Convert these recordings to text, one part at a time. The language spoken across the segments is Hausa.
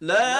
لا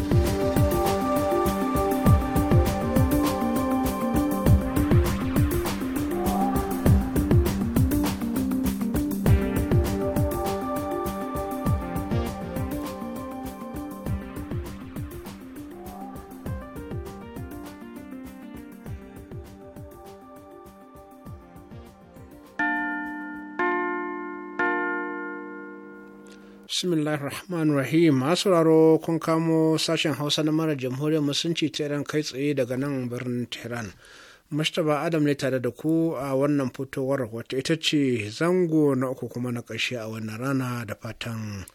bismillahir rahmanir rahim masu raro kun kamo sashen hausa na mara jamhuriyar musulunci ta iran kai tsaye daga nan birnin tehran mustapha adam ne tare da ku a wannan fitowar wata ita ce zango na uku kuma na ƙarshe a wannan rana da fatan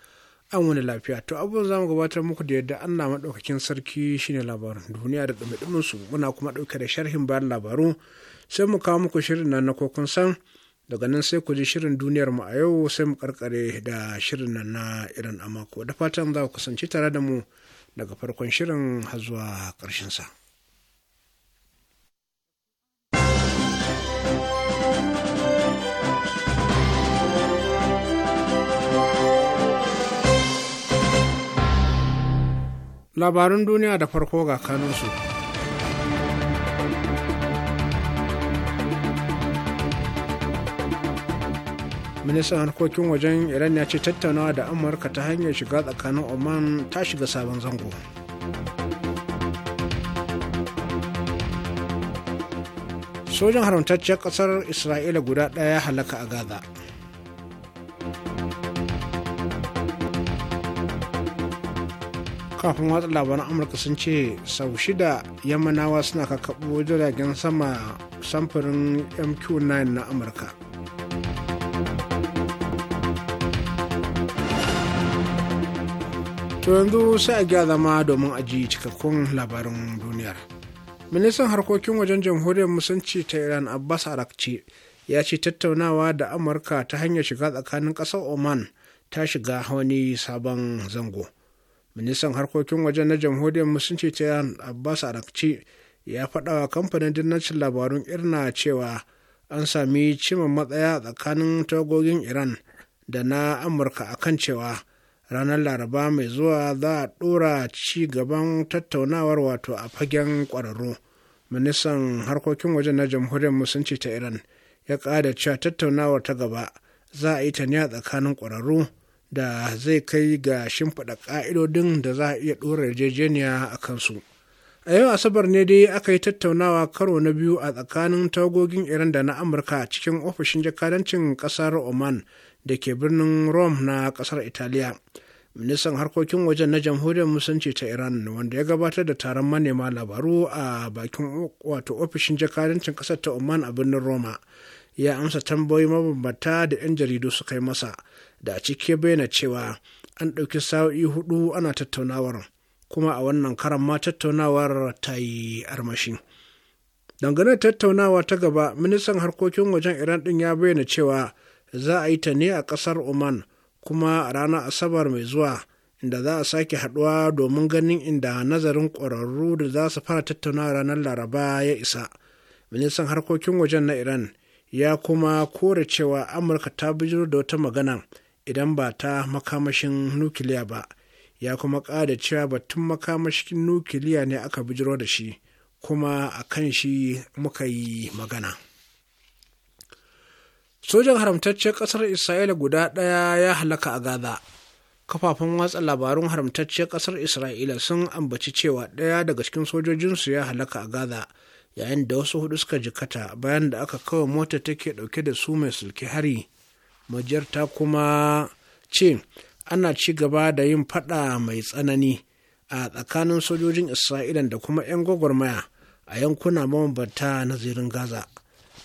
an wani lafiya to abubuwan za mu gabatar muku da yadda an na maɗaukakin sarki shine labarin duniya da ɗumi su muna kuma ɗauke da sharhin bayan labaru sai mu kawo muku shirin nan na kokun san daga nan sai ku ji shirin duniyar mu a yau sai mu karkare da shirin nan na irin amako da fatan za ku kasance tare da mu daga farkon shirin har zuwa ƙarshen sa. Labarun duniya da farko ga kanunsu. ministan harkokin wajen iran ya ce tattaunawa da amurka ta hanyar shiga tsakanin oman ta shiga sabon zango sojan haramtacciyar kasar isra'ila guda ɗaya halaka a gaza kafin watsa labaran amurka sun ce sau shida yamanawa suna kakabo jiragen sama samfurin mq9 na amurka to yanzu sai a gya zama domin a ji cikakkun labarin duniyar ministan harkokin wajen jamhuriyar musulunci ta iran abbas arakci ya ce tattaunawa da amurka ta hanyar shiga tsakanin ƙasar oman ta shiga wani sabon zango ministan harkokin wajen na jamhuriyar musulunci ta iran abbas arakci ya faɗa wa kamfanin dinnacin labarun irna cewa an sami cimma matsaya tsakanin tagogin iran da na amurka akan cewa ranar laraba mai zuwa za a ɗora ci gaban tattaunawar wato a fagen ƙwararru ministan harkokin waje na jamhuriyar musulunci ta iran ya ƙada cewa tattaunawar ta gaba za a yi ta ne a tsakanin ƙwararru da zai kai ga shimfiɗa ƙa'idodin da za a iya ɗora yarjejeniya a kansu a yau asabar ne dai aka yi tattaunawa karo na biyu a tsakanin tagogin iran da na amurka cikin ofishin jakadancin ƙasar oman da ke birnin rome na kasar italiya ministan harkokin wajen na jamhuriyar musulunci ta iran wanda ya gabatar da taron manema labaru a bakin wato ofishin jakadancin kasar ta oman a birnin roma ya amsa tambayoyi mabambata da 'yan jaridu suka yi masa da a cike bayyana cewa an ɗauki sa'o'i hudu ana tattaunawar kuma a wannan karan ma tattaunawar ta yi armashi dangane tattaunawa ta gaba ministan harkokin wajen iran ɗin ya bayyana cewa za a yi ta ne a ƙasar oman kuma a ranar asabar mai zuwa inda za a sake haɗuwa domin ganin inda nazarin ƙwararru da za su fara tattauna ranar laraba ya isa ministan harkokin wajen na iran ya kuma kore cewa amurka ta bijiro da wata magana idan ba ta makamashin nukiliya ba ya kuma ƙada cewa batun makamashin nukiliya ne aka bijiro da shi kuma a kan shi muka yi magana sojan haramtaccen ƙasar isra'ila guda ɗaya ya halaka a gaza kafafen watsa labarun haramtacciyar ƙasar isra'ila sun ambaci cewa ɗaya daga cikin sojojinsu ya halaka a gaza yayin da wasu hudu suka jikata bayan da aka kawai mota take ɗauke da su mai sulki hari majarta kuma ce ana ci gaba da yin faɗa mai tsanani a tsakanin sojojin isra'ila da kuma 'yan gwagwarmaya a yankuna mabambanta na zirin gaza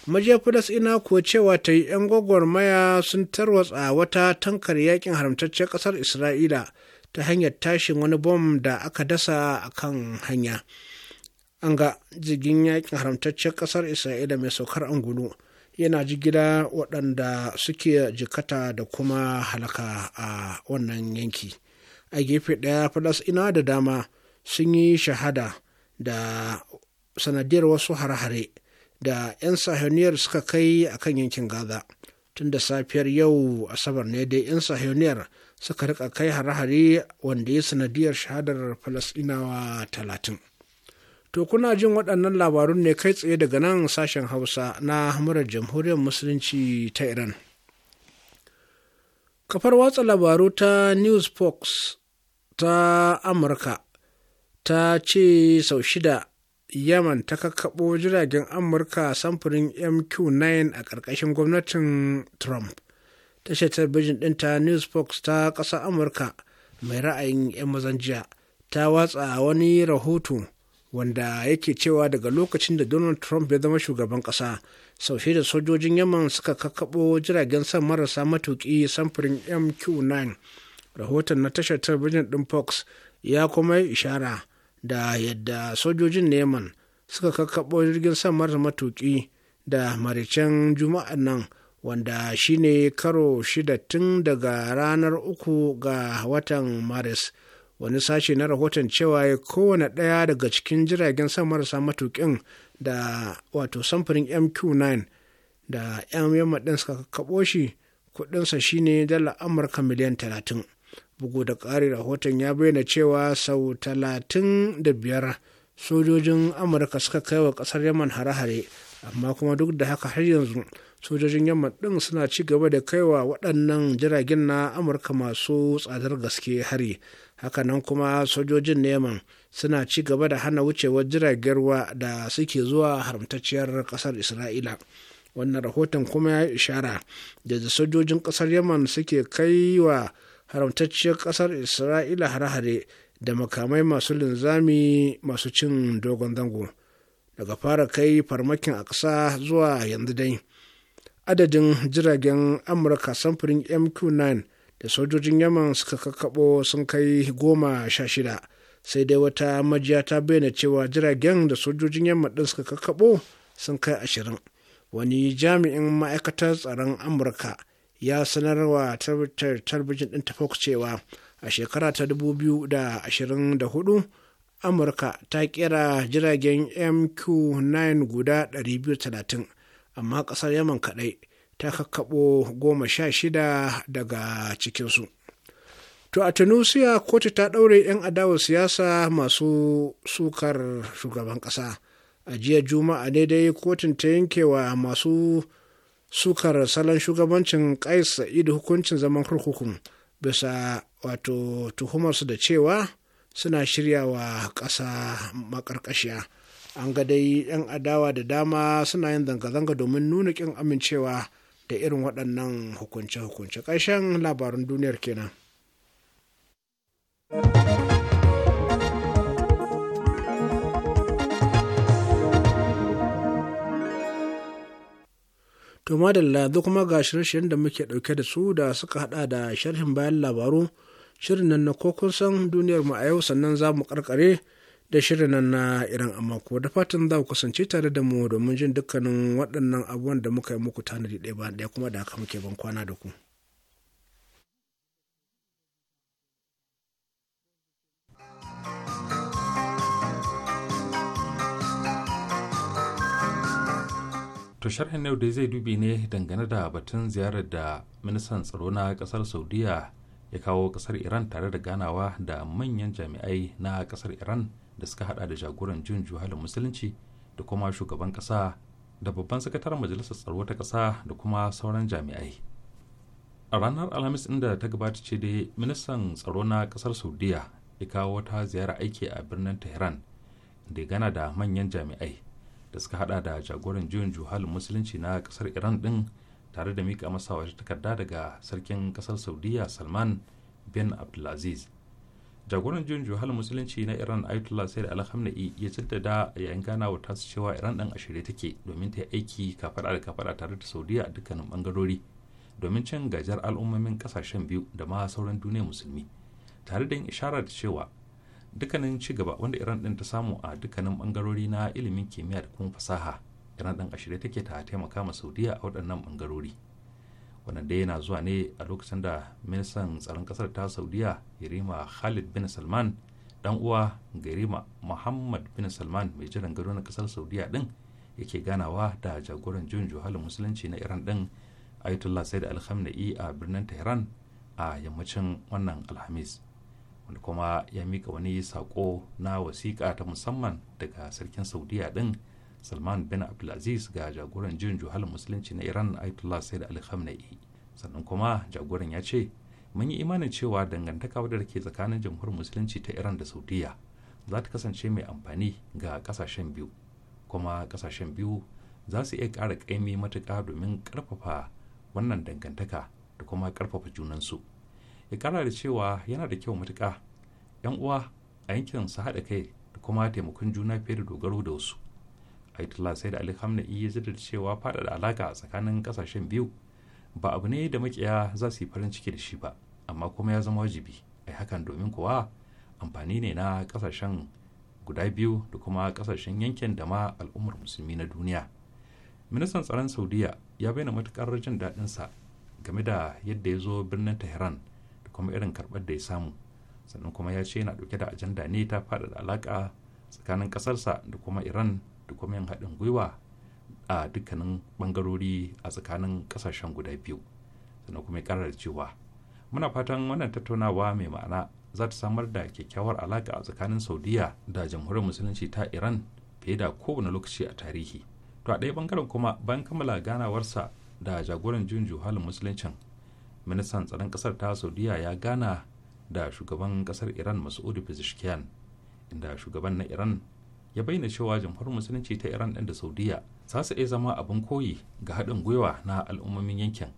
majiyar ina ko cewa ta yi 'yan gwagwarmaya sun tarwatsa wata tankar yakin haramtaccen ƙasar isra'ila ta hanyar tashin wani bom da aka dasa a kan hanya an ga jigin yakin haramtaccen ƙasar isra'ila mai saukar angulu yana jigila waɗanda suke jikata da kuma halaka a wannan yanki a gefe ɗaya ina da dama sun yi shahada da sanadiyar wasu hare-hare da 'yan sahiyoniyar suka kai a kan yankin gaza tun da safiyar yau asabar ne dai 'yan sahiyoniyar suka rika kai hare-hare wanda ya sanadiyar shahadar falasɗinawa talatin to kuna jin waɗannan labarun ne kai tsaye daga nan sashen hausa na murar jamhuriyar musulunci ta iran kafar watsa labaru ta news fox ta amurka ta ce sau shida yaman ta kakkaɓo jiragen amurka samfurin mq9 a ƙarƙashin gwamnatin trump tashar talabijin ɗinta news fox ta ƙasa amurka mai ra'ayin 'yan mazan jiya ta watsa wani rahoto wanda yake cewa daga lokacin da donald trump ya zama shugaban ƙasa saushe da sojojin yaman suka kakkaɓo jiragen san marasa matuƙi samfurin mq9 rahoton na tashar talabijin ɗin fox ya kuma yi ishara da yadda sojojin neman suka kakkaɓo jirgin samar matuki da maricen juma'a nan wanda shine karo shida tun daga ranar uku ga watan maris wani sashe na rahoton cewa kowane ɗaya daga cikin jiragen marasa matuƙin da wato samfurin mq9 da yan yamma ɗin suka kakkaɓo shi kudinsa shine dala amurka miliyan 30 bugu da ƙari rahoton ya bayyana cewa sau talatin da biyar sojojin amurka suka kai wa ƙasar yaman hare-hare amma kuma duk da haka har yanzu sojojin yaman ɗin suna ci gaba da kaiwa waɗannan jiragen na amurka masu tsadar gaske hari hakanan kuma sojojin neman suna ci gaba da hana wucewar jiragen ruwa da suke zuwa haramtacciyar ƙasar isra'ila wannan rahoton kuma ya ishara da sojojin ƙasar yaman suke kaiwa haramtacciyar ƙasar isra'ila hare-hare da makamai masu linzami masu cin dogon zango daga fara kai farmakin a aksa zuwa yanzu dai adadin jiragen amurka samfurin mq9 da sojojin yaman suka kakkaɓo sun kai goma sha shida sai dai wata majiya ta bayyana cewa jiragen da sojojin yamma ɗin suka kakkaɓo sun kai ashirin wani jami'in ma'aikatar tsaron amurka ya sanarwa talbijin ɗin ta fox cewa a shekara ta 2024 amurka ta kera jiragen mq9 guda 230 amma ƙasar yaman kaɗai ta kakkaɓo goma sha shida daga cikinsu to a tunisia kotu ta ɗaure 'yan adawar siyasa masu sukar shugaban ƙasa a jiya juma'a ne dai kotun ta yankewa masu sukar salon shugabancin kais Sa'id hukuncin zaman kurkukun bisa wato tuhumarsu da cewa suna shiryawa ƙasa maƙarƙashiya an ga dai 'yan adawa da dama suna yin zanga-zanga domin nuna ƙin amincewa da irin waɗannan hukunce-hukunce ƙarshen labarin duniyar kenan. To madalla yanzu kuma ga shirye-shiryen da muke ɗauke da su da suka haɗa da sharhin bayan labaru, shirin nan na kokun san duniyar mu a yau sannan za mu karkare da shirin nan na irin amma ko da fatan za ku kasance tare da mu domin jin dukkanin waɗannan abubuwan da muka yi muku tanadi ɗaya ba ɗaya kuma da haka muke ban kwana da ku. to sharhin yau da zai dubi ne dangane da batun ziyarar da ministan tsaro na kasar saudiya ya kawo kasar iran tare da ganawa da manyan jami'ai na kasar iran da suka hada da jagoran jin juhalin musulunci da kuma shugaban kasa da babban sakataren majalisar tsaro ta kasa da kuma sauran jami'ai a ranar alhamis inda ta gabata ce dai ministan tsaro na kasar saudiya ya kawo wata ziyara aiki a birnin tehran da gana da manyan jami'ai da suka hada da jagoran juyin juhalin musulunci na kasar iran din tare da mika masa wata takarda daga sarkin kasar saudiya salman bin abdulaziz jagoran juyin juhalin musulunci na iran ayatollah sayyid alhamdulillah ya jaddada yayin ganawa ta su cewa iran din a shirye take domin ta yi aiki kafada da kafada tare da saudiya a dukkanin bangarori domin cin gajiyar al'ummomin kasashen biyu da ma sauran duniya musulmi tare da yin ishara da cewa dukkanin ci gaba wanda iran din ta samu a dukkanin bangarori na ilimin kimiyya da kuma fasaha iran din a take ta taimaka ma saudiya a waɗannan bangarori wannan dai yana zuwa ne a lokacin da ministan tsaron kasar ta saudiya yarima khalid bin salman dan uwa garima muhammad bin salman mai jiran gado na kasar saudiya din yake ganawa da jagoran jun juhalin musulunci na iran din ayatollah said al a birnin tehran a yammacin wannan alhamis wanda kuma ya mika wani sako na wasiƙa ta musamman daga sarkin saudiya din salman bin abdulaziz ga jagoran jin juhalin musulunci na iran ayatollah said da khamenei sannan kuma jagoran ya ce mun yi imanin cewa dangantaka wadda ke tsakanin jamhuriyar musulunci ta iran da saudiya za ta kasance mai amfani ga kasashen biyu kuma kasashen biyu za su iya ƙara ƙaimi matuka domin ƙarfafa wannan dangantaka da kuma ƙarfafa junansu ya da cewa yana da kyau matuƙa yan uwa a yankin su haɗa kai da kuma taimakon juna fiye da dogaro da wasu aitullah sai da ali hamna'i ya da cewa faɗaɗa alaƙa tsakanin ƙasashen biyu ba abu ne da makiya za su yi farin ciki da shi ba amma kuma ya zama wajibi a hakan domin kuwa amfani ne na ƙasashen guda biyu da kuma ƙasashen yankin da ma al'ummar musulmi na duniya ministan tsaron saudiya ya bayyana matuƙar jin daɗinsa game da yadda ya zo birnin tehran kuma irin karɓar da ya samu sannan kuma ya ce yana ɗauke da ajanda ne ta da alaƙa tsakanin ƙasarsa da kuma iran da kuma yin haɗin gwiwa a dukkanin ɓangarori a tsakanin ƙasashen guda biyu sannan kuma ya ƙara da cewa muna fatan wannan tattaunawa mai ma'ana za ta samar da kyakkyawar alaka a tsakanin saudiya da jamhuriyar musulunci ta iran fiye da kowane lokaci a tarihi to a ɗaya ɓangaren kuma bayan kammala ganawarsa da jagoran juyin juhalin musuluncin ministan tsaron kasar ta saudiya ya gana da shugaban kasar iran mas'ud fizishkiyan inda shugaban na iran ya bayyana cewa jamhuriyar musulunci ta iran ɗin da saudiya za su iya zama abin koyi ga haɗin gwiwa na al'ummomin yankin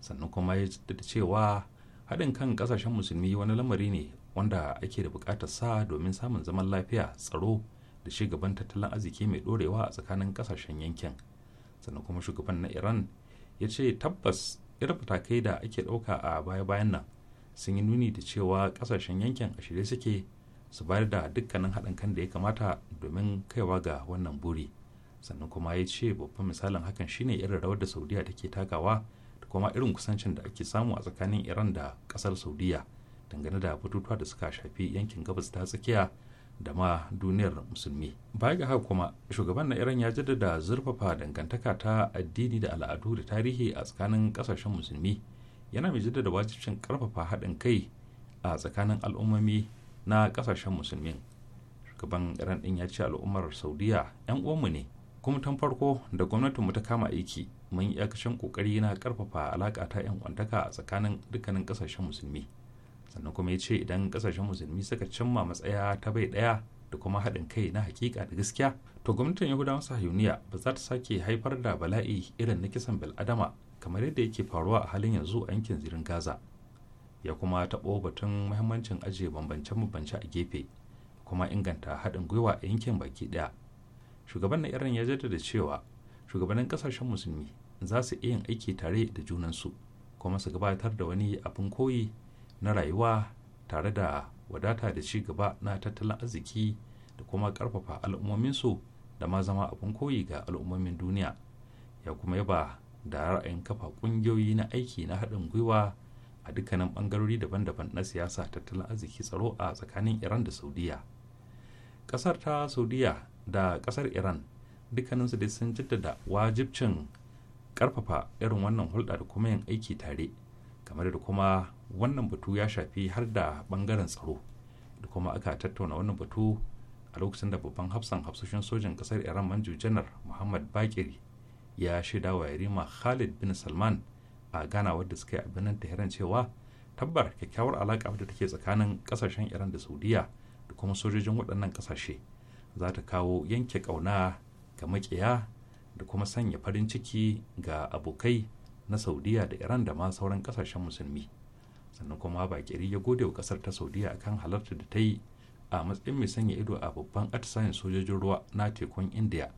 sannan kuma ya jaddada cewa haɗin kan ƙasashen musulmi wani lamari ne wanda ake da buƙatar sa domin samun zaman lafiya tsaro da ci gaban tattalin arziki mai ɗorewa a tsakanin ƙasashen yankin sannan kuma shugaban na iran ya ce tabbas irin matakai da ake ɗauka a baya-bayan nan sun yi nuni da cewa ƙasashen yankin a shirye suke su bayar da dukkanin haɗin kan da ya kamata domin kaiwa ga wannan buri sannan kuma ya ce babban misalin hakan shine irin rawar da saudiya take takawa da kuma irin kusancin da ake samu a tsakanin iran da ƙasar saudiya dangane da batutuwa da suka shafi yankin gabas ta tsakiya da ma duniyar musulmi baya ga haka kuma shugaban na iran ya jaddada zurfafa dangantaka ta addini da al'adu da tarihi a tsakanin kasashen musulmi yana mai jaddada wajibcin karfafa haɗin kai a tsakanin al'ummomi na kasashen musulmi shugaban iran din ya ce al'ummar saudiya 'yan mu ne kuma tun farko da mu ta kama aiki mun yi iyakacin kokari na karfafa alaka ta 'yan kwantaka a tsakanin dukkanin kasashen musulmi sannan kuma ya ce idan kasashen musulmi suka cimma matsaya ta bai daya da kuma haɗin kai na hakika da gaskiya to gwamnatin yahudawan sahiyuniya ba za ta sake haifar da bala'i irin na kisan bil'adama kamar yadda yake faruwa a halin yanzu a yankin zirin gaza ya kuma taɓo batun muhimmancin ajiye bambance-bambance a gefe kuma inganta haɗin gwiwa a yankin baki ɗaya shugaban na iran ya jaddada cewa shugabannin kasashen musulmi za su iya yin aiki tare da junansu kuma su gabatar da wani abin koyi na rayuwa tare da wadata da ci gaba na tattalin arziki da kuma karfafa al'ummominsu da ma zama abin koyi ga al'ummomin duniya ya kuma yaba da ra'ayin kafa kungiyoyi na aiki na haɗin gwiwa a dukkanin bangarori daban-daban na siyasa tattalin arziki tsaro a tsakanin iran da saudiya ƙasar ta saudiya da ƙasar iran dukkaninsu dai sun jaddada wajibcin karfafa irin wannan hulɗa da kuma yin aiki tare kamar da kuma wannan batu ya shafi har da bangaren tsaro da kuma aka tattauna wannan batu a lokacin da babban hafsan hafsoshin sojin kasar iran manju janar muhammad bakiri ya shaida wa yarima khalid bin salman a gana wadda suka yi abinan tahiran cewa tabbar kyakkyawar alaƙa da take tsakanin ƙasashen iran da saudiya da kuma sojojin waɗannan ƙasashe za ta kawo yanke ƙauna ga makiya da kuma sanya farin ciki ga abokai na saudiya da iran da ma sauran ƙasashen musulmi sannan kuma bakiri ya gode wa kasar ta saudiya kan halarta da ta yi a matsayin mai sanya ido a babban atisayen sojojin ruwa na tekun india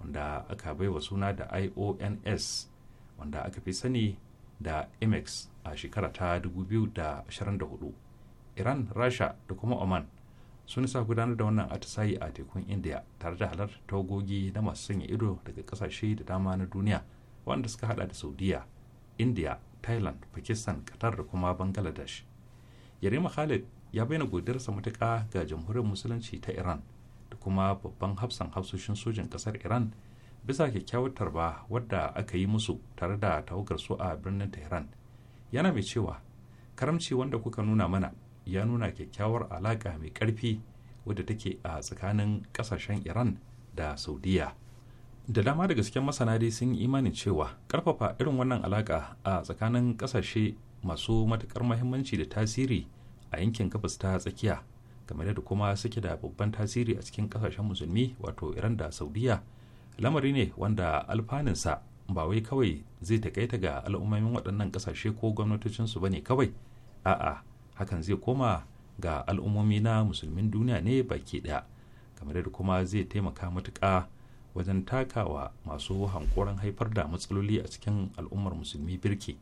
wanda aka baiwa suna da ions wanda aka fi sani da imex a shekara ta 2024 iran rasha da kuma oman sun sa gudanar da wannan atisayi a tekun india tare da halar togogi na masu sanya ido daga kasashe da dama na duniya wanda suka hada da saudiya india thailand pakistan qatar da kuma bangladesh yarima khalid ya bayyana godiyarsa matuƙa ga jamhuriyar musulunci ta iran da kuma babban hafsan hafsoshin sojin ƙasar iran bisa kyakkyawar tarba wadda aka yi musu tare da tawagar su a birnin tehran yana mai cewa karamci wanda kuka nuna mana ya nuna kyakkyawar alaƙa mai ƙarfi wadda take a tsakanin ƙasashen iran da saudiya da dama da gaske masana dai sun yi imani cewa karfafa irin wannan alaka a tsakanin kasashe masu matukar mahimmanci da tasiri a yankin gabas ta tsakiya game da kuma suke da babban tasiri a cikin kasashen musulmi wato iran da saudiya lamari ne wanda alfaninsa ba wai kawai zai takaita ga al'ummomin waɗannan kasashe ko gwamnatocinsu ba ne kawai a'a hakan zai koma ga al'ummomi na musulmin duniya ne baki ɗaya game da kuma zai taimaka matuƙa wajen takawa masu hankoron haifar da matsaloli a cikin al'ummar musulmi birki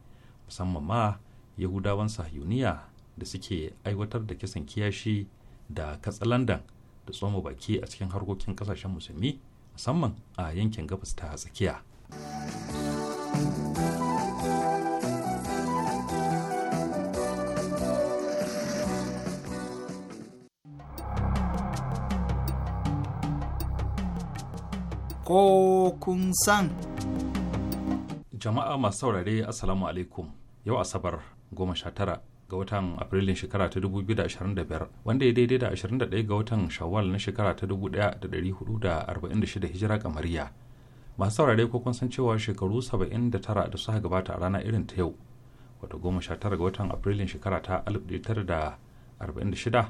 musamman ma yahudawan sahiyuniya da suke aiwatar da kisan kiyashi da landan da tsoma baki a cikin harkokin kasashen musulmi musamman a yankin gabas ta tsakiya. ko kun san. Jama'a masu saurare Assalamu alaikum yau Asabar goma sha tara ga watan Afrilun shekara ta 2025 wanda ya daidai da 21 ga watan Shawwal na shekara ta 1446 hijira kamariya. Masu saurare ko kun san cewa shekaru 79 da suka gabata a rana irin ta yau wato goma sha tara ga watan Afrilun shekara ta 1946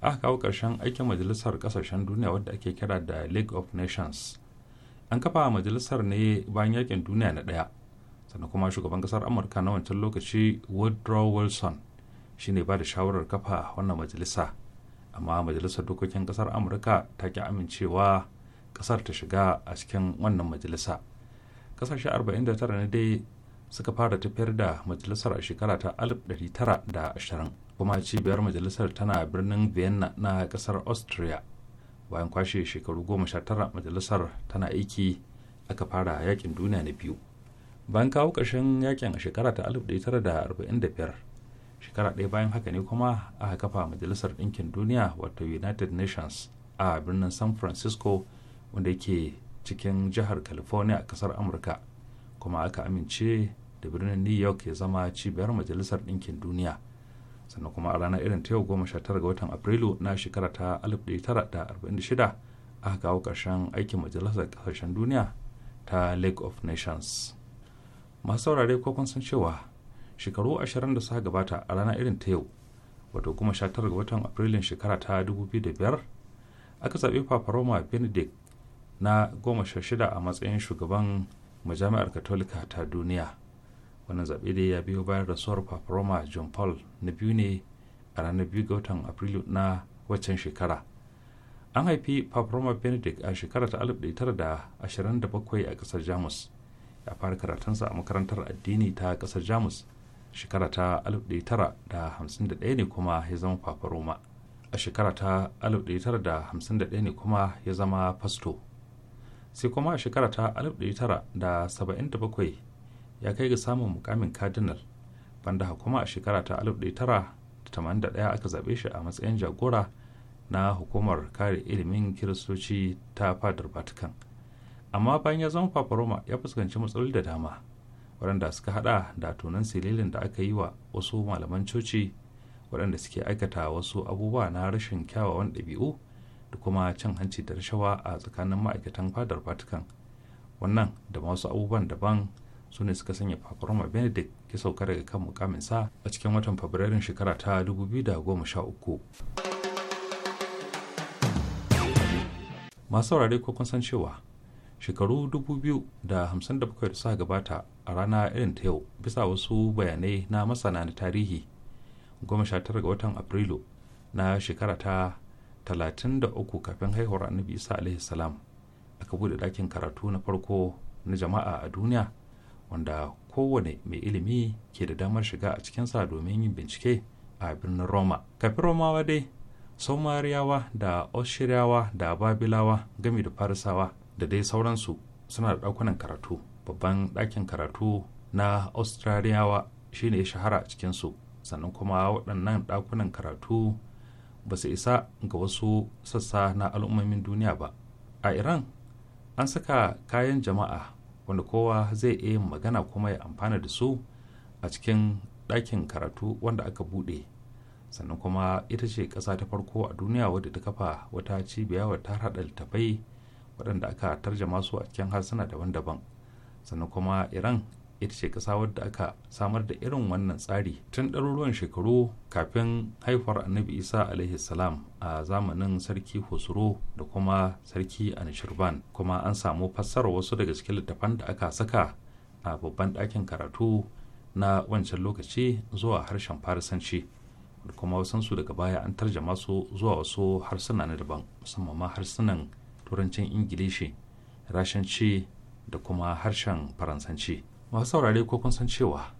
aka kawo ƙarshen aikin majalisar ƙasashen duniya wadda ake kira da league of nations an kafa majalisar ne bayan yakin duniya na ɗaya sannan kuma shugaban kasar amurka na wancan lokaci woodrow wilson shine ba da shawarar kafa wannan majalisa amma majalisar dokokin kasar amurka ta ki amincewa kasar ta shiga a cikin wannan majalisa kasashe 49 ne dai suka fara tafiyar da majalisar a shekara ta 1920 kuma cibiyar majalisar tana birnin vienna na kasar austria bayan kwashe shekaru goma sha tara majalisar tana aiki aka fara yakin duniya na biyu bayan kawo ƙarshen yakin a shekara ta 1945 shekara ɗaya bayan haka ne kuma aka kafa majalisar ɗinkin duniya wato united nations a birnin san francisco wanda yake cikin jihar california a ƙasar amurka kuma aka amince da birnin new york ya zama cibiyar majalisar ɗinkin duniya sannan kuma a ranar irin ta yau goma sha tara ga watan afrilu na shekara ta shida aka kawo ƙarshen aikin majalisar ƙasashen duniya ta lake of nations masu saurare ko kun san cewa shekaru ashirin da suka gabata a ranar irin ta yau wato kuma sha tara ga watan afrilun shekara ta 2005 aka zaɓi paparoma benedict na goma sha shida a matsayin shugaban majami'ar katolika ta duniya wannan zaɓe dai ya biyo bayan rasuwar paparoma john paul na biyu ne a ranar biyu ga watan afrilu na waccan shekara an haifi paparoma benedict a shekara ta 1927 a ƙasar jamus ya fara karatunsa a makarantar addini ta ƙasar jamus shekara ta 1951 ne kuma ya zama paparoma a shekara ta 1951 ne kuma ya zama fasto sai kuma a shekara ta 1977 ya kai ga samun mukamin kadinal banda hukuma a shekara ta 1981 aka zaɓe shi a matsayin jagora na hukumar kare ilimin kiristoci ta fadar vatican amma bayan ya zama roma ya fuskanci matsaloli da dama waɗanda suka hada da tunan sililin da aka yi wa wasu malaman coci waɗanda suke aikata wasu abubuwa na rashin kyawawan ɗabi'u da kuma cin hanci da rashawa a tsakanin ma'aikatan fadar vatican wannan da wasu abubuwan daban su ne suka sanya paparoma benedict ya sauka daga kan sa a cikin watan fabrairun shekara ta 2013 masu saurare ko kun san cewa shekaru 2057 da suka gabata a rana irin ta yau bisa wasu bayanai na masana na tarihi 19 ga watan afrilu na shekara ta 33 kafin haihuwar annabi isa alaihi aka bude dakin karatu na farko na jama'a a duniya wanda kowane mai ilimi ke da damar shiga a cikinsa domin yin bincike a birnin roma kafin romawa dai somariyawa da oshiriyawa da babilawa gami da farisawa da dai sauransu suna da ɗakunan karatu babban ɗakin karatu na australiyawa shine ya shahara a cikinsu sannan kuma waɗannan ɗakunan karatu ba su isa ga wasu sassa na al'ummomin duniya ba a iran an saka kayan jama'a wanda kowa zai iya yin magana kuma ya amfana da su a cikin ɗakin karatu wanda aka buɗe sannan kuma ita ce ƙasa ta farko a duniya wadda ta kafa wata cibiya wadda ta haɗa littafai waɗanda aka tarjama su a cikin harsuna daban-daban sannan kuma iran ita ce ƙasa wadda aka samar da irin wannan tsari tun ɗaruruwan shekaru kafin haifar annabi isa alaihi salam a zamanin sarki husro da kuma sarki anishirban kuma an samu fassarar wasu daga cikin littafan da aka saka a babban ɗakin karatu na wancan lokaci zuwa harshen farisanci da kuma wasansu daga baya an tarjama su zuwa wasu harsuna na daban musamman ma harsunan turancin ingilishi rashanci da kuma harshen faransanci masu saurare ko kun san cewa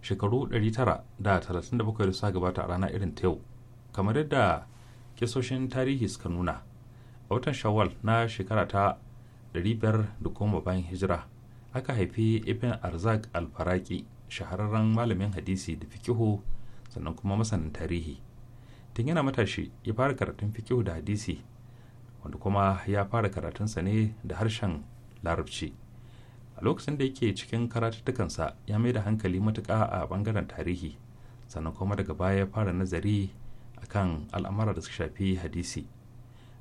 shekaru 937 da suka gabata a rana irin ta yau kamar yadda kisoshin tarihi suka nuna a watan shawwal na shekara ta 500 da koma bayan hijira aka haifi ibn arzak alfaraki shahararren malamin hadisi da fikihu sannan kuma masanin tarihi tun yana matashi ya fara karatun fikihu da hadisi wanda kuma ya fara karatunsa ne da harshen larabci a lokacin da yake cikin karatuttukansa ya mai da hankali matuƙa a bangaren tarihi sannan kuma daga baya ya fara nazari a kan al'amura da suka shafi hadisi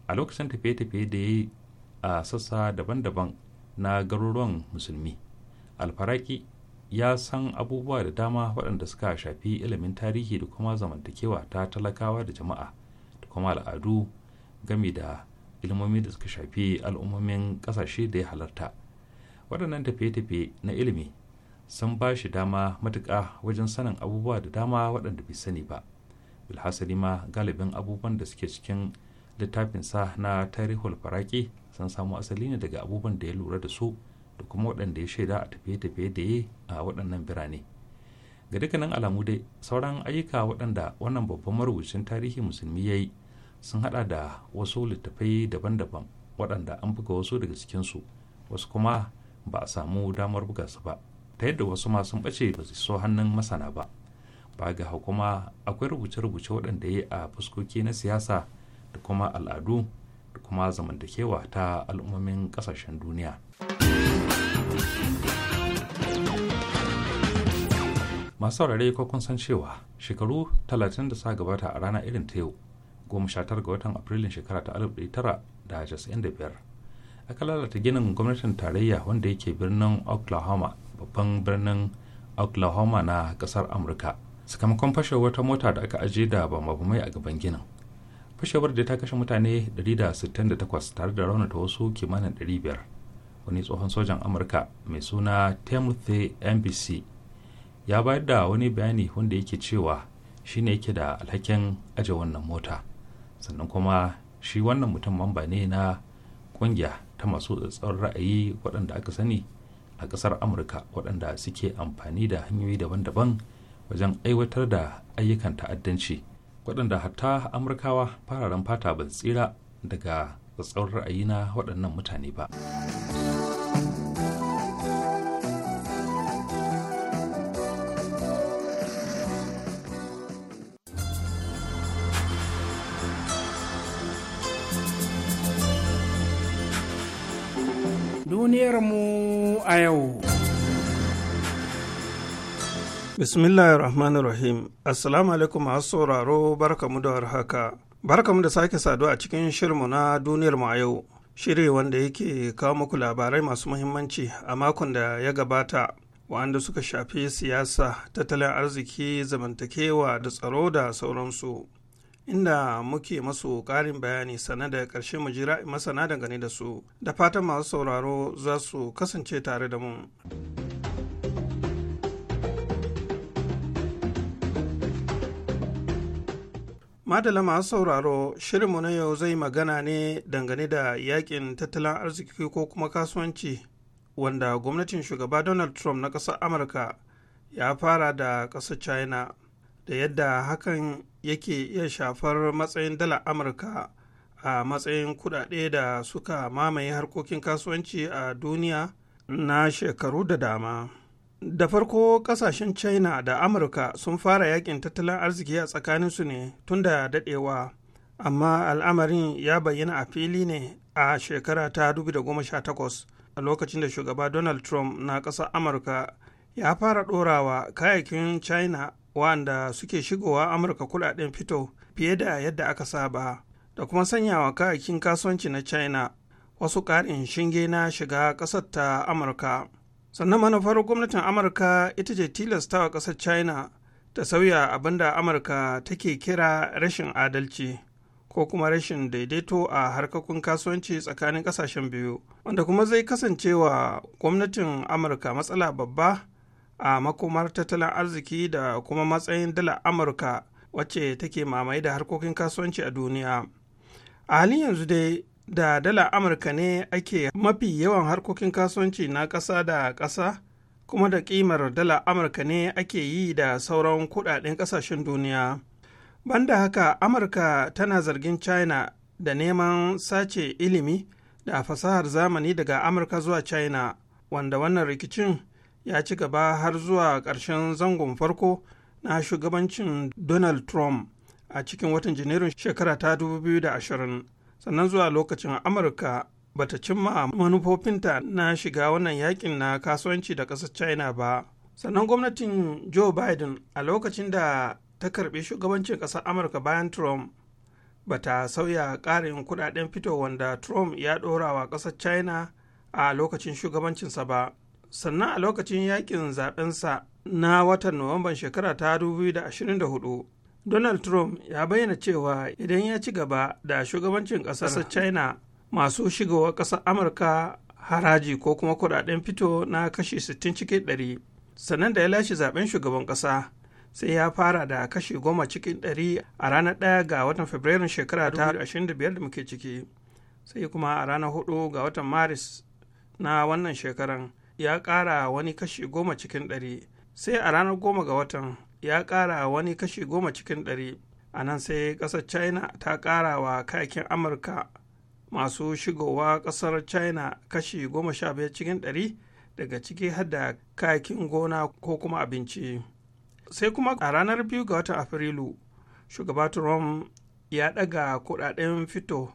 a lokacin tafiye-tafiye da ya yi a sassa daban-daban na garuruwan musulmi alfaraki ya san abubuwa da dama waɗanda suka shafi ilimin tarihi da kuma zamantakewa ta talakawa da jama'a da kuma al'adu game da ilmomi da suka shafi al'ummomin ƙasashe da ya halarta waɗannan tafiye-tafiye na ilimi sun ba shi dama matuƙa wajen sanin abubuwa da dama waɗanda bai sani ba bilhassani ma galibin abubuwan da suke cikin littafinsa na tarihul faraki sun samo asali ne daga abubuwan da ya lura da su da kuma waɗanda ya shaida a tafiye-tafiye da ya a waɗannan birane ga dukkanin alamu dai sauran ayyuka waɗanda wannan babban marubucin tarihi musulmi ya yi sun haɗa da wasu littafai daban-daban waɗanda an buga wasu daga cikinsu wasu kuma ba a samu damar buga su ba ta yadda wasu ma sun bace ba su so hannun masana ba ba ga kuma akwai rubuce-rubuce waɗanda ya a fuskoki na siyasa da kuma al'adu da kuma zamantakewa ta al'ummomin ƙasashen duniya masu saurare ko kun san cewa shekaru 30 da sa gabata a rana irin ta yau 19 ga watan afrilun shekara ta 1995 aka lalata ginin gwamnatin tarayya wanda yake birnin oklahoma babban birnin oklahoma na kasar amurka sakamakon fashewar wata mota da aka ajiye da bamabamai a gaban ginin fashewar da ta kashe mutane 168 tare da raunata wasu kimanin 500 wani tsohon sojan amurka mai suna timothy mbc ya bayar da wani bayani wanda yake cewa shi ne yake da alhakin aje wannan mota sannan kuma shi wannan mutum mamba ne na kungiya ta masu tsatsar ra'ayi waɗanda aka sani a ƙasar amurka waɗanda suke amfani da hanyoyi daban-daban wajen aiwatar da ayyukan ta'addanci waɗanda hatta amurkawa fararen fata ba tsira daga tsatsar ra'ayi na waɗannan mutane ba. duniyarmu a yau. Bismillahir Rahmanir Assalamu alaikum masu sauraro barkamu da warhaka. Barkamu da sake saduwa a cikin shirmu na duniyarmu a yau. Shiri wanda yake kawo muku labarai masu muhimmanci a makon da ya gabata. wanda suka shafi siyasa, tattalin arziki, zamantakewa da tsaro da sauransu. inda muke masu ƙarin bayani sana da ƙarshe mu jira masana dangane da su da fatan masu sauraro za su kasance tare da mu. Madala masu sauraro shirinmu na yau zai magana ne dangane da yakin tattalin arziki ko kuma kasuwanci wanda gwamnatin shugaba Donald Trump na ƙasar Amurka ya fara da ƙasar China da yadda hakan yake iya shafar matsayin dala amurka a matsayin kudade da suka mamaye harkokin kasuwanci a duniya na shekaru da dama da farko kasashen china da amurka sun fara yakin tattalin arziki a tsakaninsu ne tun da dadewa amma al'amarin ya bayyana a fili ne a shekara ta 2018 a lokacin da shugaba donald trump na ƙasar amurka ya fara ɗorawa kayakin china wanda suke shigowa amurka kudaden fito fiye da yadda aka saba da kuma sanyawa kayakin kasuwanci na china wasu ƙarin shinge na shiga ƙasar ta amurka sannan manufar gwamnatin amurka ita ce tilastawa ƙasar china ta sauya abin da amurka take kira rashin adalci ko kuma rashin daidaito a harkokin kasuwanci tsakanin ƙasashen biyu wanda kuma zai kasancewa gwamnatin amurka matsala babba a makomar tattalin arziki da kuma matsayin dala amurka wacce take mamaye da harkokin kasuwanci a duniya a halin yanzu dai da dala amurka ne ake mafi yawan harkokin kasuwanci na ƙasa da ƙasa kuma da ƙimar dala amurka ne ake yi da sauran kuɗaɗen ƙasashen duniya banda haka amurka tana zargin china da neman sace ilimi da fasahar zamani daga amurka zuwa china wanda wannan rikicin ya ci gaba har zuwa ƙarshen zangon farko na shugabancin donald trump a cikin watan janairun shekara ta 2020 sannan zuwa lokacin amurka bata cimma manufofinta na shiga wannan yakin na kasuwanci da ƙasar china ba sannan gwamnatin joe biden a lokacin da ta karɓi shugabancin ƙasar amurka bayan trump bata sauya ƙarin kudaden fito wanda trump ya ɗora wa ƙasar china a lokacin shugabancinsa ba sannan a lokacin yakin zaɓensa na watan nuwamban shekara ta 2024 donald trump ya bayyana cewa idan ya ci gaba da shugabancin ƙasar china masu shigowa ƙasar amurka haraji ko kuma kudaden fito na kashi 60 cikin 100 sannan da ya lashe zaben shugaban ƙasa sai ya fara da kashi 10 cikin 100 a ranar 1 ga watan fabrairun shekara ta 25 da muke ciki sai kuma a ranar 4 ga watan maris na wannan shekaran ya ƙara wani kashi goma cikin ɗari sai a ranar goma ga watan ya ƙara wani kashi goma cikin ɗari a nan sai ƙasar china ta ƙara wa kayakin amurka masu shigowa ƙasar china kashi goma sha biyar cikin ɗari daga ciki hada kayakin gona ko kuma abinci sai kuma a ranar biyu ga watan afrilu shugaba trump ya ɗaga kuɗaɗen fito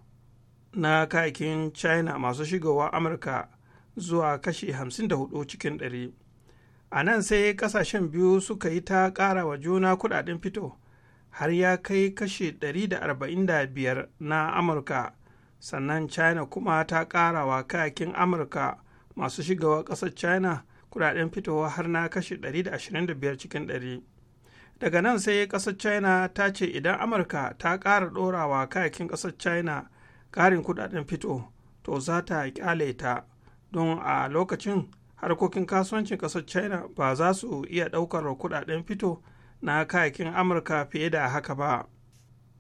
na kayakin china masu shigowa amurka zuwa kashi 54 cikin dari a nan sai kasashen biyu suka yi ta kara wa juna kudaden fito har ya kai kashi 145 na amurka sannan china kuma ta kara wa kayakin amurka masu shigawa kasar china kudaden fitowa har na kashi 125 cikin 100 daga nan sai kasar china ta ce idan amurka ta ƙara ɗorawa kayakin kasar china ƙarin kudaden fito to za ta ƙyale ta don a lokacin harkokin kasuwancin kasar china ba za su iya ɗaukar kuɗaɗen fito na kayakin amurka fiye da haka ba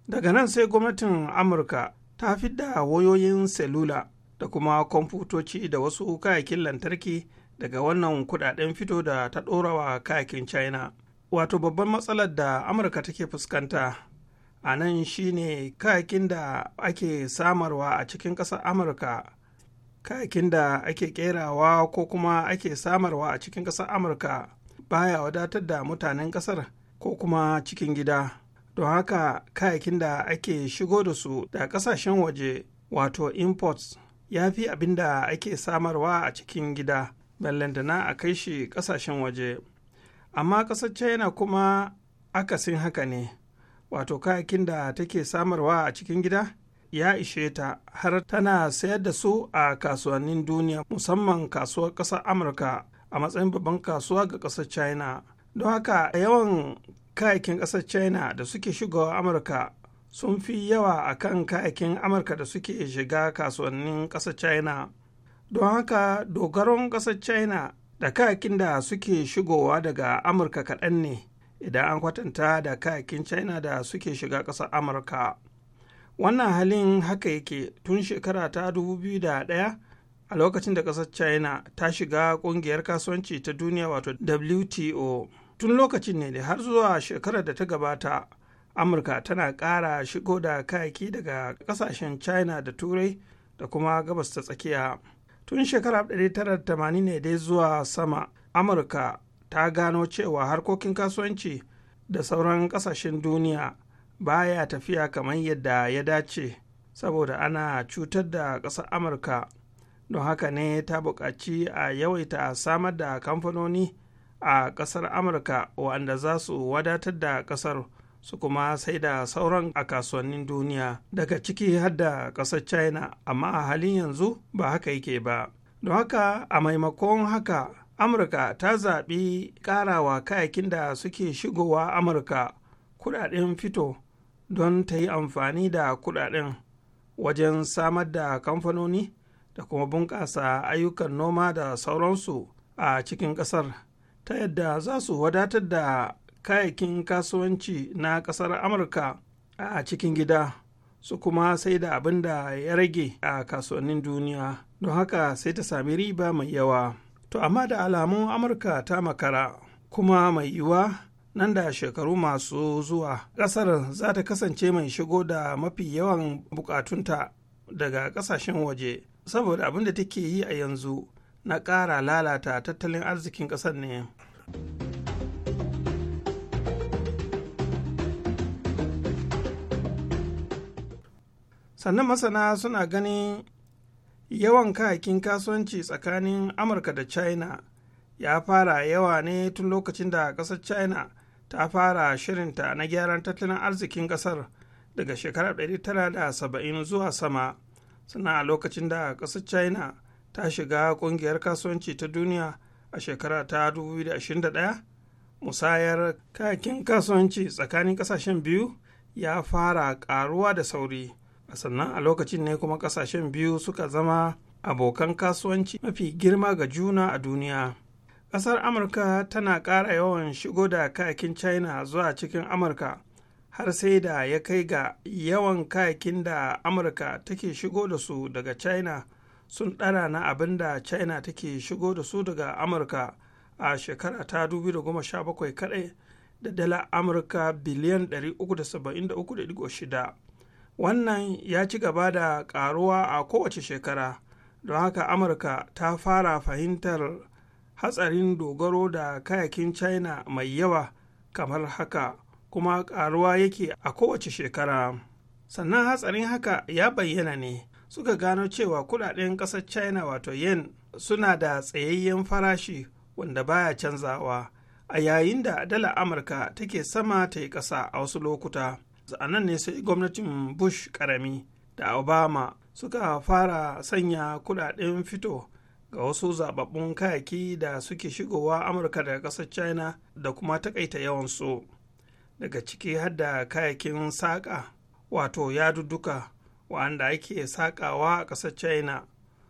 daga nan sai gwamnatin amurka ta da wayoyin selula da kuma kwamfutoci da wasu kayakin lantarki daga wannan kudaden fito da ta ɗorawa wa kayakin china wato babban matsalar da amurka take fuskanta a nan shine kayakin da ake samarwa a cikin ƙasar amurka kayakin da ake kerawa ko kuma ake samarwa a cikin ƙasar amurka baya wadatar da mutanen ƙasar ko kuma cikin gida don haka kayakin da ake shigo da su da ƙasashen waje wato imports ya fi abin da ake samarwa a cikin gida ballantana a kai shi ƙasashen waje amma ƙasar china kuma akasin haka ne wato kayakin da take samarwa a cikin gida ya ishe ta har tana sayar da su a kasuwannin duniya musamman kasuwar ƙasar amurka a matsayin babban kasuwa ga ƙasar china don haka yawan kayakin ƙasar china da suke shigowa amurka sun fi yawa a kan kayakin amurka da suke shiga kasuwannin ƙasar china don haka dogaron ƙasar china da kayakin da suke shigowa daga amurka kaɗan ne idan an kwatanta da kayakin china da suke shiga ƙasar amurka wannan halin haka yake tun shekara ta 2001 a lokacin da ƙasar china ta shiga ƙungiyar kasuwanci ta duniya wato wto tun lokacin ne da har zuwa shekarar da ta gabata amurka tana ƙara shigo da kayaki daga ƙasashen china da turai da kuma gabas ta tsakiya tun shekara 1980 ne dai zuwa sama amurka ta gano cewa harkokin kasuwanci da sauran ƙasashen duniya baya tafiya kamar yadda ya dace saboda ana cutar da ƙasar amurka don haka ne ta buƙaci a yawaita samar da kamfanoni a ƙasar amurka wanda za su wadatar da ƙasar su kuma sai da sauran a kasuwannin duniya daga ciki har da ƙasar china amma a halin yanzu ba haka yake ba don haka a maimakon haka amurka ta zaɓi ƙarawa kayakin da suke shigowa amurka kuɗaɗen fito don ta yi amfani da kudaden wajen samar da kamfanoni da kuma bunƙasa ayyukan noma da sauransu a cikin ƙasar ta yadda za su wadatar da kayakin kasuwanci na ƙasar amurka a cikin gida su kuma sai da abin da ya rage a kasuwannin duniya don haka sai ta sami riba mai yawa to amma da alamun amurka ta makara kuma mai yiwuwa nan da shekaru masu zuwa ƙasar za ta kasance mai shigo da mafi yawan bukatunta daga ƙasashen waje saboda abin da take yi a yanzu na ƙara lalata tattalin arzikin ƙasar ne. sannan masana suna ganin yawan kayakin kasuwanci tsakanin amurka da china ya fara yawa ne tun lokacin da ƙasar china ta fara shirinta na gyaran tattalin arzikin kasar daga shekarar 1970 zuwa sama suna a lokacin da ƙasar china ta shiga ƙungiyar kasuwanci ta duniya a shekara ta 2021 musayar kakin kasuwanci tsakanin ƙasashen biyu ya fara ƙaruwa da sauri sannan a lokacin ne kuma ƙasashen biyu suka zama abokan kasuwanci mafi girma ga juna a duniya ƙasar amurka tana ƙara yawan shigo da kayakin china zuwa cikin amurka har sai da ya kai ga yawan kayakin da amurka take shigo da su daga china sun ɗara na abin da china take shigo da su daga amurka a shekara ta 2017 kaɗai da dala amurka biliyan 373.6 wannan ya ci gaba da ƙaruwa a kowace shekara don haka amurka ta fara fahimtar hatsarin dogaro da kayakin china mai yawa kamar haka kuma karuwa yake a kowace shekara sannan hatsarin haka ya bayyana ne suka gano cewa kudaden kasar china wato yen suna da tsayayyen farashi wanda baya canzawa a yayin da dala amurka take sama ta yi ƙasa a wasu lokuta a ne sai gwamnatin bush karami da obama suka fara sanya kudaden fito ga wasu zababbun kayaki da suke shigowa amurka daga ƙasar china da kuma takaita yawansu daga ciki har da kayakin saƙa wato yadudduka wa'anda ake saƙawa a ƙasar china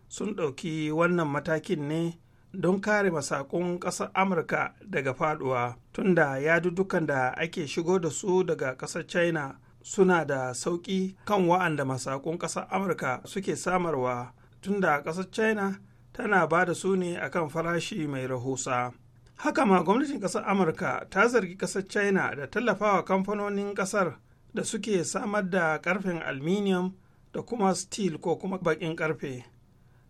sun ɗauki wannan matakin ne don kare masakun ƙasar amurka daga faɗuwa tunda yaduddukan da ake shigo da su daga ƙasar china suna da sauƙi kan wa'anda masakun ƙasar amurka suke samarwa tunda ƙasar china tana ba da su ne a kan farashi mai rahusa haka ma gwamnatin ƙasar amurka ta zargi ƙasar china da tallafawa kamfanonin ƙasar da suke samar da ƙarfin alminium da kuma steel ko kuma baƙin ƙarfe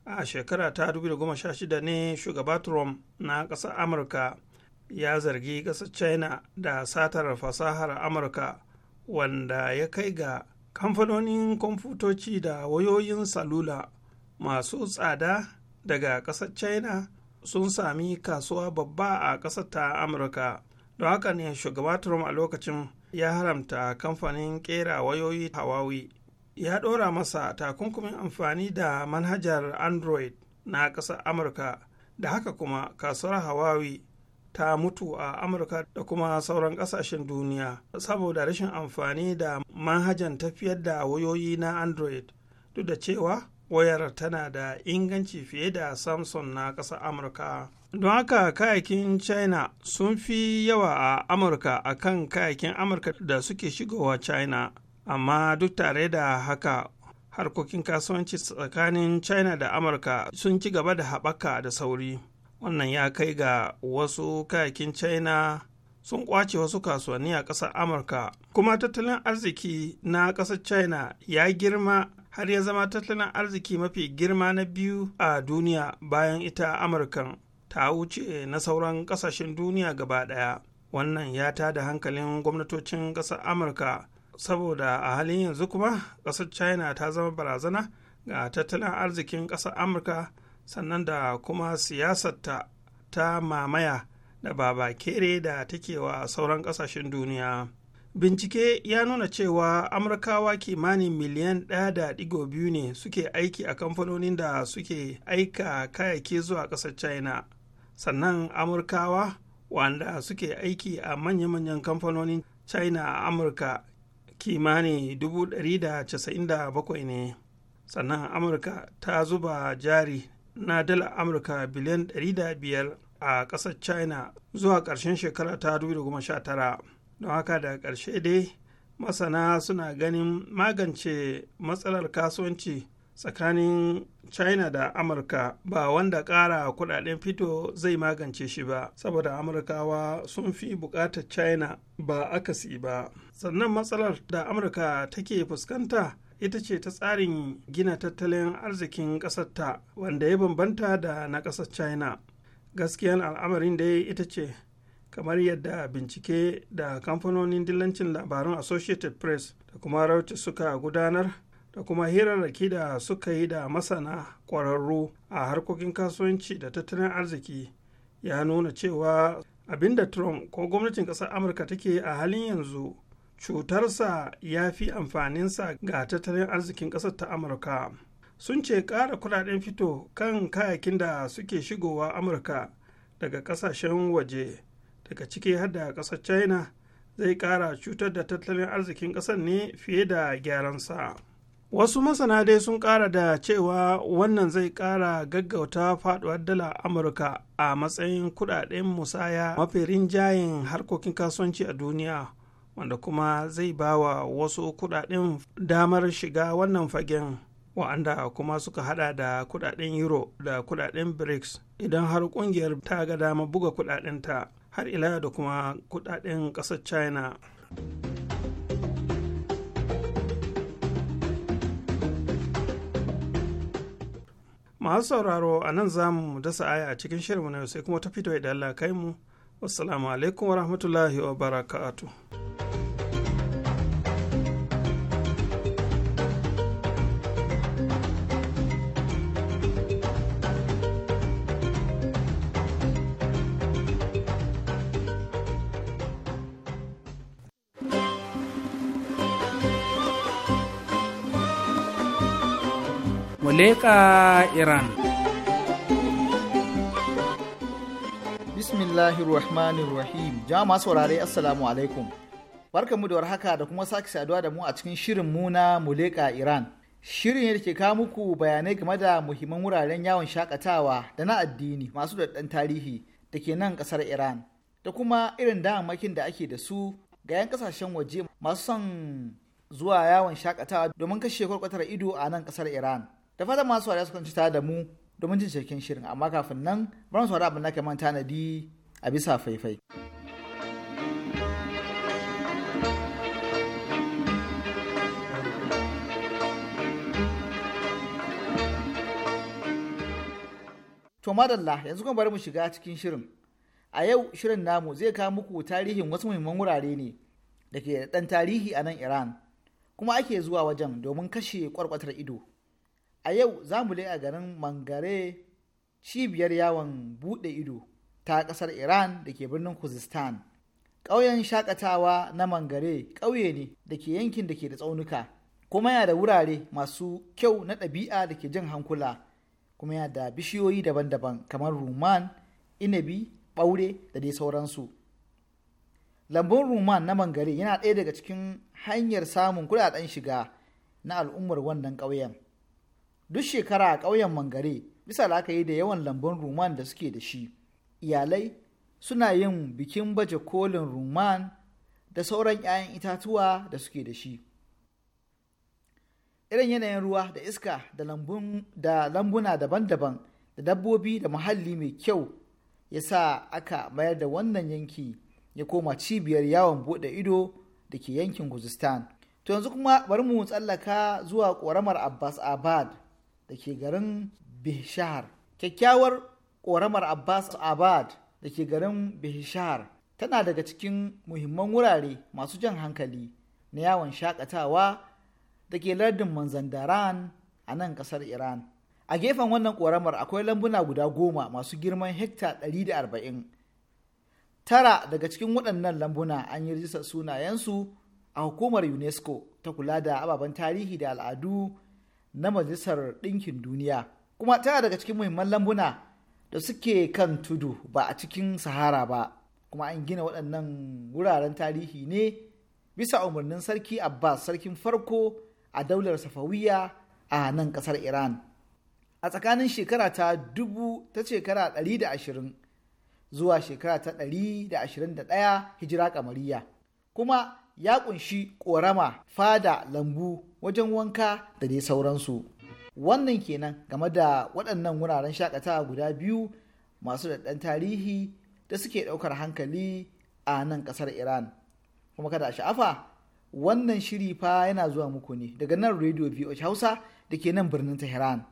a shekara ta 2016 ne shugaba trump na ƙasar amurka ya zargi ƙasar china da satar fasahar amurka wanda ya kai ga kamfanonin kwamfutoci da wayoyin salula masu tsada daga ƙasar china sun sami kasuwa babba a ƙasar ta amurka don haka ne shugaba trump a lokacin ya haramta kamfanin ƙera wayoyi hawawi ya ɗora masa takunkumin amfani da manhajar android na ƙasar amurka da haka kuma kasuwar hawawi ta mutu a amurka da kuma sauran ƙasashen duniya saboda rashin amfani da manhajan tafiyar da wayoyi na android duk da cewa wayar tana da inganci fiye da samsung na ƙasar amurka don haka kayakin china sun fi yawa a amurka a kan kayakin amurka da suke shigowa china amma duk tare da haka harkokin kasuwanci tsakanin china da amurka sun ci gaba da haɓaka da sauri wannan ya kai ga wasu kayakin china sun kwace wasu kasuwanni a ƙasar amurka kuma tattalin arziki na ƙasar china ya girma har ya zama tattalin arziki mafi girma na biyu a duniya bayan ita amurkan ta wuce na sauran kasashen duniya gaba ɗaya wannan ya da hankalin gwamnatocin ƙasar amurka saboda a halin yanzu kuma ƙasar china ta zama barazana ga tattalin arzikin ƙasar amurka sannan da kuma siyasarta ta mamaya da kere da take wa sauran ƙasashen duniya bincike ya nuna cewa amurkawa kimanin miliyan 1.2 ne suke aiki a kamfanonin da suke aika kayayyaki zuwa ƙasar china sannan amurkawa wanda suke aiki a manya-manyan kamfanonin china a amurka kimanin 197 ne sannan amurka ta zuba jari na dala amurka biliyan 500 a ƙasar china zuwa ƙarshen shekara ta 2019 don haka daga ƙarshe dai masana suna ganin magance matsalar kasuwanci tsakanin china da amurka ba wanda ƙara kudaden fito zai magance shi ba saboda amurkawa sun fi buƙatar china ba akasi ba sannan matsalar da amurka take fuskanta ita ce ta tsarin gina tattalin arzikin ƙasarta wanda ya bambanta da na ƙasar china gaskiyan al'amarin dai ita ce kamar yadda bincike da kamfanonin dillancin labarun associated press da kuma reuters suka gudanar da kuma hirarraki da suka yi da masana kwararru a harkokin kasuwanci da tattalin arziki ya nuna cewa abinda trump ko gwamnatin ƙasar amurka take a halin yanzu cutarsa ya fi amfaninsa ga tattalin arzikin ƙasar ta amurka sun ce ƙara kudaden fito kan kayakin da suke shigowa amurka daga ƙasashen waje daga ciki har da ƙasar china zai ƙara cutar da tattalin arzikin ƙasar ne fiye da gyaran sa. wasu masana dai sun ƙara da cewa wannan zai ƙara gaggauta faduwar dala amurka a matsayin kudaden musaya mafi rinjayen harkokin kasuwanci a duniya wanda kuma zai ba wa wasu kudaden damar shiga wannan fagen wa'anda kuma suka hada da kudaden euro da kudaden brics idan har kungiyar ta ga dama buga kudadenta har ila da kuma kudaden ƙasar china masu sauraro a nan za mu dasa aya a cikin shirin na yau sai kuma ta fito idan Allah kai mu wasu alaikum wa rahmatullahi wa barakatuh leƙa iran bismillahir masu rahim jama'a saurare assalamu alaikum mu da warhaka da kuma sake saduwa da mu a cikin shirin mu na muleka iran shirin ne da ke kawo muku bayanai game da muhimman wuraren yawon shakatawa da na addini masu daɗan tarihi da ke nan ƙasar iran da kuma irin damammakin da ake da su ga 'yan ƙasashen waje masu son zuwa yawon shakatawa domin kashe kwarkwatar ido a nan ƙasar iran da fatan masu saurari su kwanci tare da mu domin jin cikin shirin amma kafin nan bar mu saurari abin da kaman tanadi a bisa faifai. To madalla yanzu kuma bari mu shiga cikin shirin. A yau shirin namu zai kawo muku tarihin wasu muhimman wurare ne da ke ɗan tarihi a nan Iran, kuma ake zuwa wajen domin kashe kwarkwatar ido. a yau za mu a garin mangare cibiyar yawon buɗe ido ta ƙasar iran da ke birnin kuzistan ƙauyen shakatawa na mangare ƙauye ne da ke yankin da ke da tsaunuka kuma yana da wurare masu kyau na ɗabi'a da ke jin hankula kuma yana da bishiyoyi daban-daban kamar ruman inabi ɓaure da dai sauransu lambun ruman na mangare yana ɗaya daga cikin hanyar samun kuɗaɗen shiga na al'ummar wannan ƙauyen duk shekara a ƙauyen mangare bisa la'akari da yawan lambun ruman da suke da shi iyalai suna yin bikin baje kolin ruman da sauran 'ya'yan itatuwa da suke da shi irin yanayin ruwa da iska da lambuna daban-daban da dabbobi da muhalli mai kyau ya sa aka mayar da wannan yanki ya koma cibiyar yawon buɗe ido da ke yankin guzistan to yanzu kuma bari mu tsallaka zuwa ƙoramar abbas abad da ke garin bishahar kyakkyawar ƙoramar abbas abad da ke garin bihishar tana daga cikin muhimman wurare masu jan hankali na yawon shakatawa da ke lardin manzandaran a nan kasar iran a gefen wannan ƙoramar akwai lambuna guda goma masu girman hekta 140 tara daga cikin waɗannan lambuna an yi rijistar sunayensu a hukumar unesco ta kula da ababen tarihi da al'adu na majalisar ɗinkin duniya kuma tana daga cikin muhimman lambuna da suke kan tudu ba a cikin sahara ba kuma an gina waɗannan wuraren tarihi ne bisa umarnin sarki abbas sarkin farko a daular safawiya a nan ƙasar iran a tsakanin shekara ta dubu ta shekara ɗari da ashirin, zuwa shekara ta ɗari da da ashirin ɗaya hijira kamariya kuma ya ƙunshi ƙorama fada lambu wajen wanka da dai sauransu wannan kenan game da waɗannan wuraren shakatawa guda biyu masu daɗan tarihi da suke ɗaukar hankali a nan ƙasar iran kuma kada a sha'afa wannan shiri fa yana zuwa muku ne daga nan radio voh hausa da ke nan birnin tehran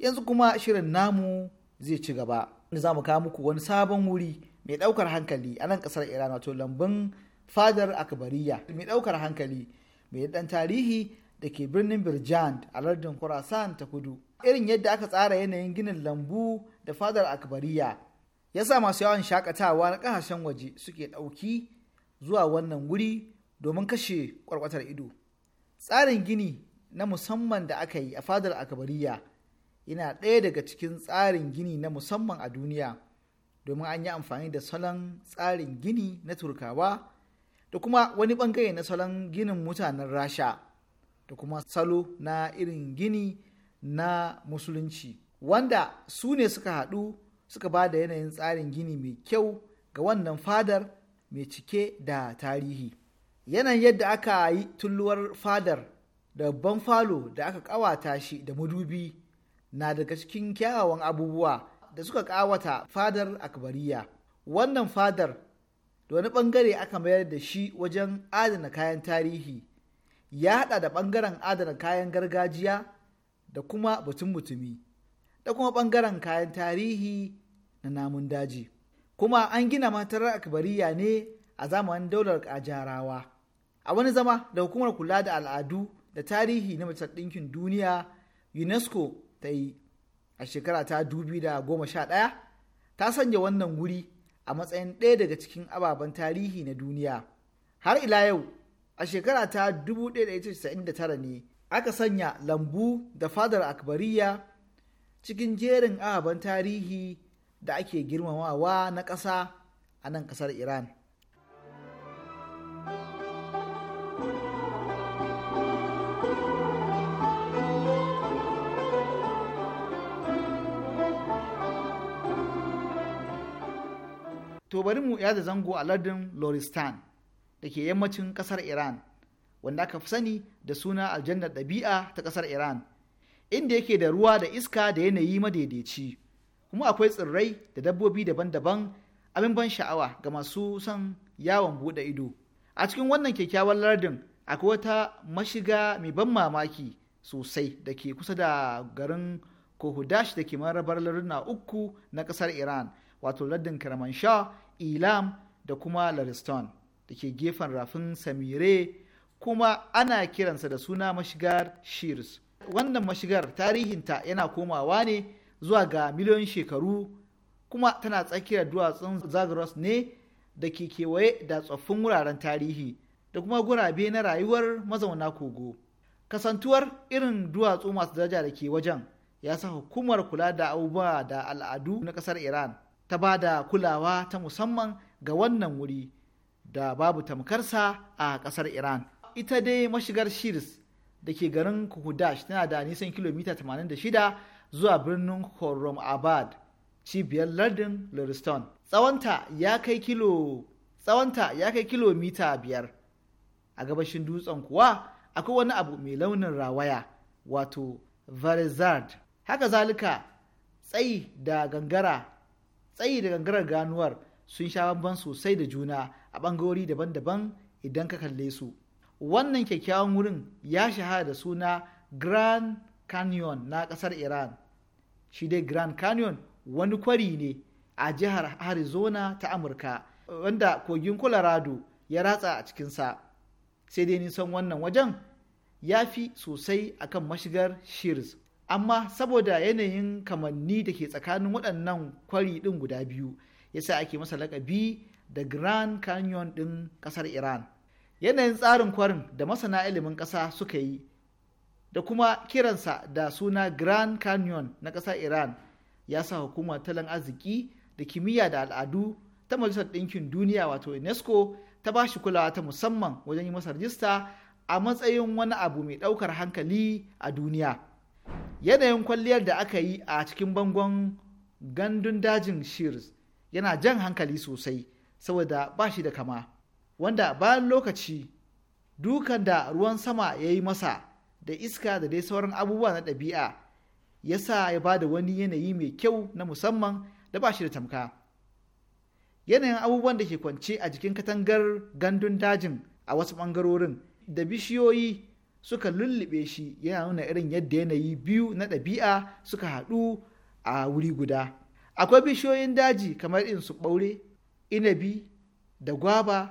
yanzu kuma shirin namu zai ci gaba za mu kawo muku wani sabon wuri mai ɗaukar hankali a nan ƙasar iran wato lambun fadar akbariya mai ɗaukar hankali mai ɗan tarihi da ke birnin birjan a lardin Kurasan ta kudu irin yadda aka tsara yanayin ginin lambu da fadar akbariya ya sa masu yawan shakatawa na kasashen waje suke ɗauki zuwa wannan wuri domin kashe kwarkwatar ido tsarin gini na musamman da aka yi a fadar akbariya yana ɗaya daga cikin tsarin gini na musamman a duniya domin an yi amfani da salon tsarin gini na turkawa da kuma wani ɓangare na salon ginin mutanen rasha da kuma salo na irin gini na musulunci wanda su ne suka haɗu suka ba da yanayin tsarin gini mai kyau ga wannan fadar mai cike da tarihi yanayin yadda aka yi tulluwar fadar da babban falo da aka ƙawata shi da madubi na daga cikin kyawawan abubuwa da suka ƙawata fadar akbariya wannan fadar da wani ɓangare aka mayar da shi wajen adana kayan tarihi ya hada da bangaren adana kayan gargajiya da kuma batun mutumi da kuma bangaren kayan tarihi na namun daji kuma an gina matarar akbariya ne a zamanin daular kajarawa a wani zama da hukumar kula da al'adu da tarihi na majalisar ɗinkin duniya unesco ta yi a shekara ta ɗaya, ta sanya wannan wuri a matsayin ɗaya daga cikin ababen tarihi na duniya har ila yau a shekara ta 1999 ne aka sanya lambu da fadar akbariya cikin jerin ababen tarihi da ake girmamawa na ƙasa a nan ƙasar iran to bari mu yada zango a lardin loristan da ke yammacin kasar iran wanda aka fi sani da suna aljannar ɗabi'a ta kasar iran inda yake da ruwa da iska da yanayi madaidaici kuma akwai tsirrai da dabbobi daban-daban abin ban sha'awa ga masu son yawon buɗe ido a cikin wannan kyakkyawan lardin akwai wata mashiga mai ban mamaki sosai da ke kusa da garin kohudash da ke marabar larduna uku na kasar iran wato lardin kermanshah ilam da kuma lariston da ke gefen rafin samire kuma ana kiransa da suna mashigar shears wannan mashigar tarihinta yana komawa ne zuwa ga miliyoyin shekaru kuma tana tsakiyar duwatsun zagros ne da ke kewaye da tsoffin wuraren tarihi da kuma gurabe na rayuwar mazauna kogo kasantuwar irin duwatsu masu daraja da ke wajen ya sa hukumar kula da abubuwa da al'adu na kasar iran ta ba da kulawa ta musamman ga wannan wuri da babu tamkarsa a kasar Iran. Ita dai mashigar Shirs da ke garin Kuhudash tana da nisan kilomita 86 zuwa birnin Khorram Abad, cibiyar lardin Lurston. Tsawonta ya kai kilomita biyar. A gabashin dutsen kuwa akwai wani abu mai launin rawaya wato Varizard. Haka zalika tsayi da gangara tsayi da gangarar ganuwar sun sha bamban sosai da juna a ɓangarori daban-daban idan ka kalle su wannan kyakkyawan wurin ya shahara da suna grand canyon na ƙasar iran shi dai grand canyon wani kwari ne a jihar arizona ta amurka wanda kogin colorado ya ratsa a cikinsa sai dai nisan wannan wajen ya fi sosai akan mashigar shears amma saboda yanayin kamanni da ke tsakanin waɗannan kwari ɗin guda biyu yasa ake masa lakabi da grand canyon ɗin ƙasar iran yanayin tsarin kwarin da masana ilimin ƙasa suka yi da kuma kiransa da suna grand canyon na ƙasar iran ya sa hukumar talan arziki da kimiyya da al'adu ta majalisar ɗinkin duniya wato unesco ta ba shi kulawa ta musamman wajen yi masa rajista a matsayin wani abu mai ɗaukar hankali a duniya yanayin kwalliyar da aka yi a cikin bangon gandun dajin shears yana jan hankali sosai saboda ba shi da kama wanda bayan lokaci dukan da ruwan sama ya yi masa da iska da dai sauran abubuwa na ɗabi'a ya sa ya ba da wani yanayi mai kyau na musamman da ba shi da tamka yanayin abubuwan da ke kwance a jikin katangar gandun dajin a wasu ɓangarorin da bishiyoyi suka lullube shi yana nuna irin yadda yanayi biyu na ɗabi'a suka haɗu a wuri guda akwai bishiyoyin daji kamar in su ɓaure inabi da gwaba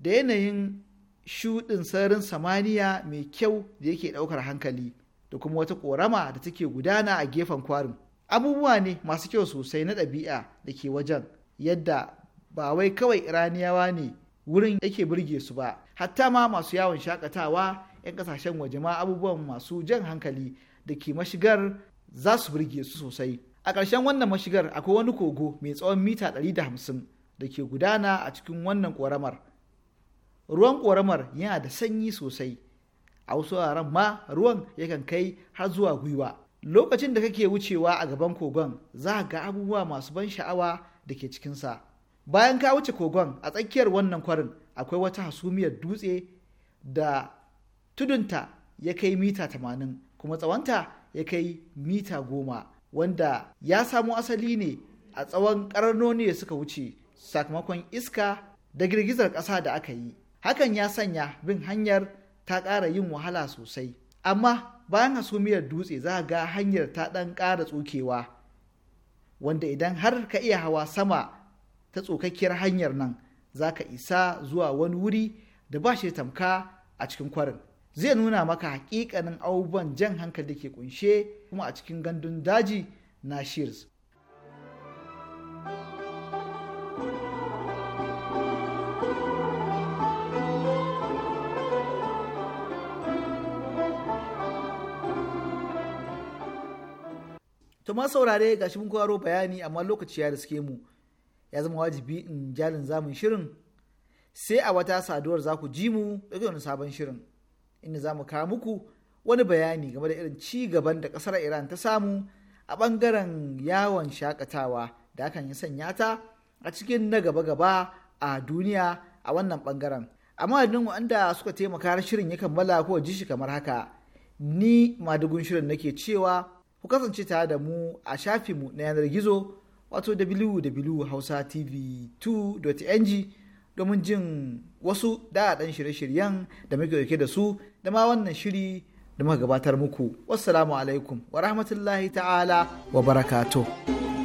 da yanayin shuɗin sararin samaniya mai kyau da yake ɗaukar hankali da kuma wata ƙorama da take gudana a gefen kwarin abubuwa ne masu kyau sosai na ɗabi'a da ke wajen yadda ba wai kawai iraniyawa ne wurin yake burge su ba hatta ma masu yawon shakatawa 'yan kasashen waje ma abubuwan masu jan hankali da ke mashigar za su burge su sosai a ƙarshen wannan mashigar akwai wani kogo mai tsawon mita 150 da ke gudana a cikin wannan ƙoramar ruwan ƙoramar yana da sanyi sosai a wasu wuraren ma ruwan yakan kai har zuwa gwiwa lokacin da kake wucewa a gaban kogon za ga abubuwa masu ban sha'awa da ke cikinsa bayan ka wuce kogon a tsakiyar wannan kwarin akwai wata hasumiyar dutse da tudunta ya kai mita tamanin kuma tsawonta ya kai mita goma wanda ya samo asali ne a tsawon ƙarnoni da suka wuce sakamakon iska da girgizar ƙasa da aka yi hakan ya sanya bin hanyar ta ƙara yin wahala sosai amma bayan hasumiyar dutse za a ga hanyar ta ɗan ƙara tsokewa wanda idan har ka iya hawa sama ta tsokakkiyar hanyar nan za ka isa zuwa wani wuri da ba shi tamka a cikin kwarin zai nuna maka hakikanin abubuwan jan hankali ke kunshe kuma a cikin gandun daji na shears to ma saurare ga shi mun kwaro bayani amma lokaci ya riske mu ya zama wajibi in jalin zamun shirin sai a wata saduwar za ku ji mu daga wani sabon shirin inda za mu kawo muku wani bayani game da irin ci gaban da kasar iran ta samu a bangaren yawon shakatawa da hakan ya sanya ta a cikin na gaba-gaba a duniya a wannan bangaren amma adinin wanda suka taimaka shirin ya kammala ko ji shi kamar haka ni madugun shirin nake cewa ku kasance tare da mu a mu na yanar gizo wato www.hausatv2.ng domin jin wasu daɗaɗɗen shirye-shiryen da muke dauke da su da ma wannan shiri da muka gabatar muku wassalamu alaikum wa rahmatullahi ta'ala wa barakatuh